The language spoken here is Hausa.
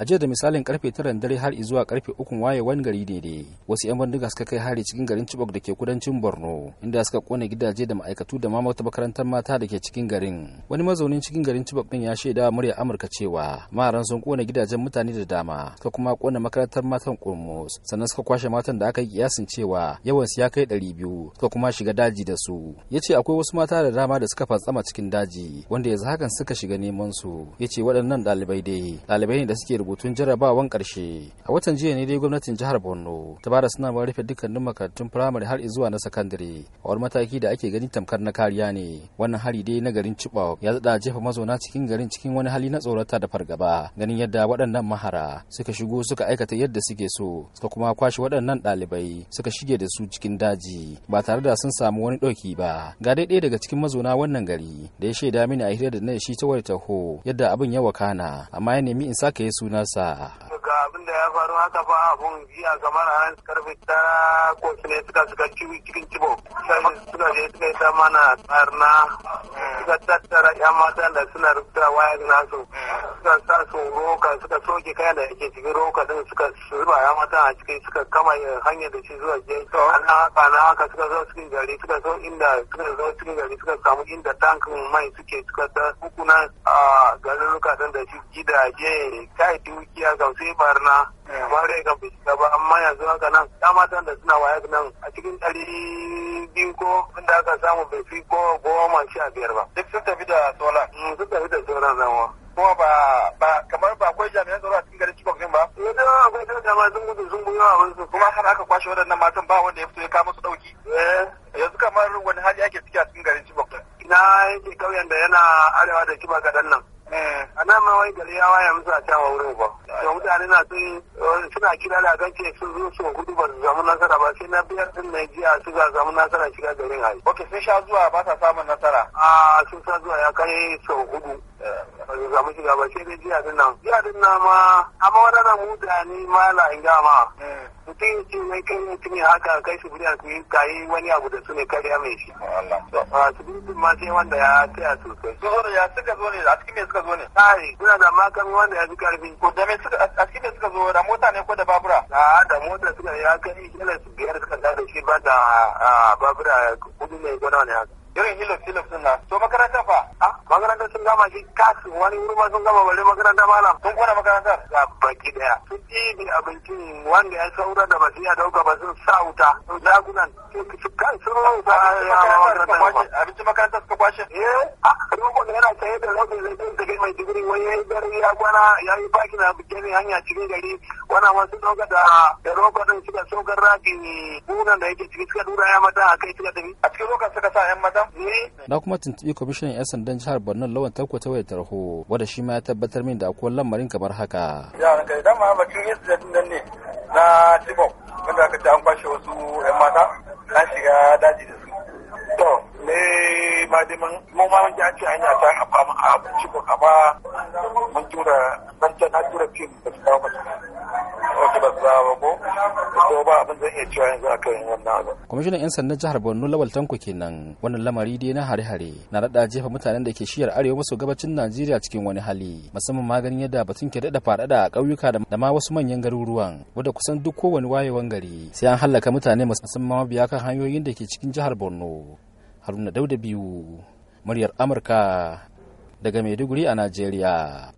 a jiya da misalin karfe tara dare har zuwa karfe uku waye wani gari daidai wasu yan bandiga suka kai hari cikin garin Chibok da ke kudancin Borno inda suka kone gidaje da ma'aikatu da ma wata makarantar mata da ke cikin garin wani mazaunin cikin garin Chibok din ya shaida murya Amurka cewa maharan sun kone gidajen mutane da dama suka kuma kone makarantar matan kurmus sannan suka kwashe matan da aka yi kiyasin cewa yawan su ya kai ɗari biyu suka kuma shiga daji da su ya ce akwai wasu mata da dama da suka fatsama cikin daji wanda yanzu hakan suka shiga neman su ya ce waɗannan ɗalibai dai ɗalibai ne da suke rubutun jarabawan karshe a watan jiya ne dai gwamnatin jihar borno ta bada sanarwar rufe dukkanin makarantun firamare har zuwa na sakandare a wani mataki da ake gani tamkar na kariya ne wannan hari dai na garin chibok ya zada jefa mazauna cikin garin cikin wani hali na tsorata da fargaba ganin yadda waɗannan mahara suka shigo suka aikata yadda suke so suka kuma kwashe waɗannan ɗalibai suka shige da su cikin daji ba tare da sun samu wani ɗauki ba ga dai ɗaya daga cikin mazauna wannan gari da ya shaida mini a hira da na shi ta wayar taho yadda abin ya wakana amma ya nemi in sake ya suna nasa ga abin da ya faru haka fa abun jiya kamar a nan karfe tara ko su ne suka suka ciwi cikin cibo suka je suka yi ta mana tsarna mm. suka tattara yan mata da suna rubuta waya nasu mm. suka sa su roka suka soke kayan da yake cikin roka din suka zuba ya mata a cikin suka kama hanyar da shi zuwa jiya. Oh. ana haka na haka suka zo cikin gari suka zo inda suka zo cikin gari suka samu inda tankin mai suke suka ta hukuna a garin roka din da shi gidaje kai dukiya ga sai barna amma dai kan bai shiga ba amma yanzu haka nan ya matan da suna waya nan a cikin dari biyu ko inda aka samu bai fi ko goma sha biyar ba duk sun tafi da sola mm, sun tafi da sola na wa kuma ba ba kamar ba akwai jami'an tsaro a cikin garin Chibok din ba. Eh da akwai jami'an sun gudu sun gudu a su kuma har aka kwashe waɗannan matan ba wanda ya fito ya kama su dauki. Eh yanzu kamar wani hali ake ciki a cikin garin Chibok din. Na yake kauyen da yana arewa da Chibok kaɗan nan. Eh. a nan ma wai gari ya waya musu a cewa wurin ba to mutane na sun suna kira da ganke sun zo su gudu ba su samu nasara ba sai na biyar din na jiya su ga samu nasara shiga garin hari ok sun sha zuwa ba sa samun nasara a sun sha zuwa ya kai sau gudu ba samu shiga ba sai dai jiya din nan jiya din nan ma amma wadannan mutane ma la in ma mutum ce mai kai mutum ya haka kai su biya su yi kayi wani abu da su ne kariya mai shi a su biyu ma sai wanda ya taya sosai su zo ya suka zo ne a cikin me suka zo ne ai suna da makan wanda ya fi karfi ko da me suka a cikin me suka zo da mota ne ko da babura a da mota suka ya kai shi su biyar suka da shi ba da babura kudu ne gona ne haka irin hilux hilux din nan to makaranta fa a makaranta sun gama shi kasu wani wuri ma sun gama bare makaranta malam sun kona makarantar ga baki daya sun ɗibi abincin wanda ya saura da basu su iya dauka ba sun sa wuta sun zagunan sun kan sun rubuta abincin makarantar suka kwashe eh a rubon yana saye da da zai da mai digiri wani ya yi gari ya kwana ya yi baki na gani hanya cikin gari wannan wasu dauka da da roba din suka sokar rafi bunan da yake ciki suka dura ya mata a kai suka tafi a cikin lokacin suka sa yan mata Na kuma tuntuɓi kwamishinan 'yan sandan jihar Borno Lawan Tarko ta wayar tarho wanda shi ma ya tabbatar min da akwai lamarin kamar haka. Ya kai dan ma batun incident nan ne na Tibok wanda aka ce an kwashe wasu 'yan mata na shiga daji da su. To ne ma dai mun mu ma mun ji an ce hanya ta hafa mu a Tibok amma mun tura ban ta tura fim da su kawo wata ba ba ko ba abin zan iya cewa yanzu wannan abu kwamishinan yan sandan jihar Borno Lawal Tanko kenan wannan lamari dai na hare-hare na rada jefa mutanen da ke shiyar arewa maso gabacin Najeriya cikin wani hali musamman maganin yadda batun ke dada faɗaɗa a ƙauyuka da ma wasu manyan garuruwan wadda kusan duk kowane wayewan gari sai an hallaka mutane musamman mabiya kan hanyoyin da ke cikin jihar Borno Haruna Dauda biyu muryar Amurka daga Maiduguri a Najeriya